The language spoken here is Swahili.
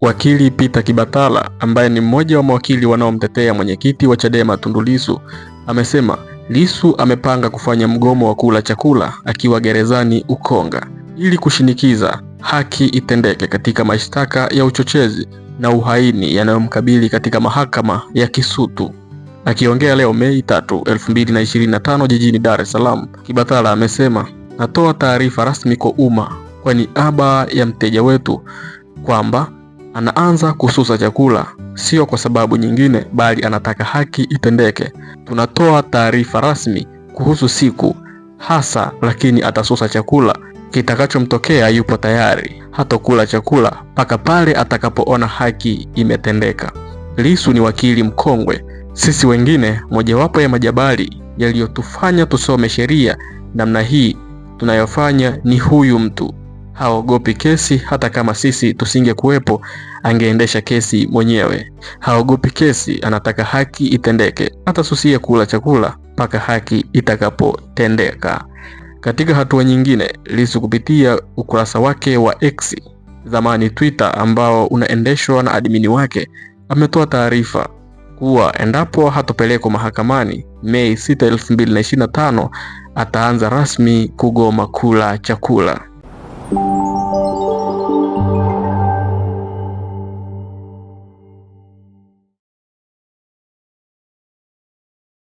Wakili Peter Kibatala ambaye ni mmoja wa mawakili wanaomtetea mwenyekiti wa Chadema Tundu Lissu amesema Lissu amepanga kufanya mgomo wa kula chakula akiwa gerezani Ukonga ili kushinikiza haki itendeke katika mashtaka ya uchochezi na uhaini yanayomkabili katika mahakama ya Kisutu. Akiongea leo Mei 3, 2025 jijini Dar es Salaam, Kibatala amesema natoa taarifa rasmi kwa umma kwa niaba ya mteja wetu kwamba Anaanza kususa chakula, sio kwa sababu nyingine, bali anataka haki itendeke. Tunatoa taarifa rasmi kuhusu siku hasa, lakini atasusa chakula. Kitakachomtokea, yupo tayari, hatokula chakula mpaka pale atakapoona haki imetendeka. lisu ni wakili mkongwe. Sisi wengine, mojawapo ya majabali yaliyotufanya tusome sheria namna hii tunayofanya ni huyu mtu haogopi kesi, hata kama sisi tusingekuwepo angeendesha kesi mwenyewe. Haogopi kesi, anataka haki itendeke. Atasusia kula chakula mpaka haki itakapotendeka. Katika hatua nyingine, Lissu kupitia ukurasa wake wa X, zamani Twitter, ambao unaendeshwa na admini wake, ametoa taarifa kuwa endapo hatopelekwa mahakamani Mei 6, 2025 ataanza rasmi kugoma kula chakula. you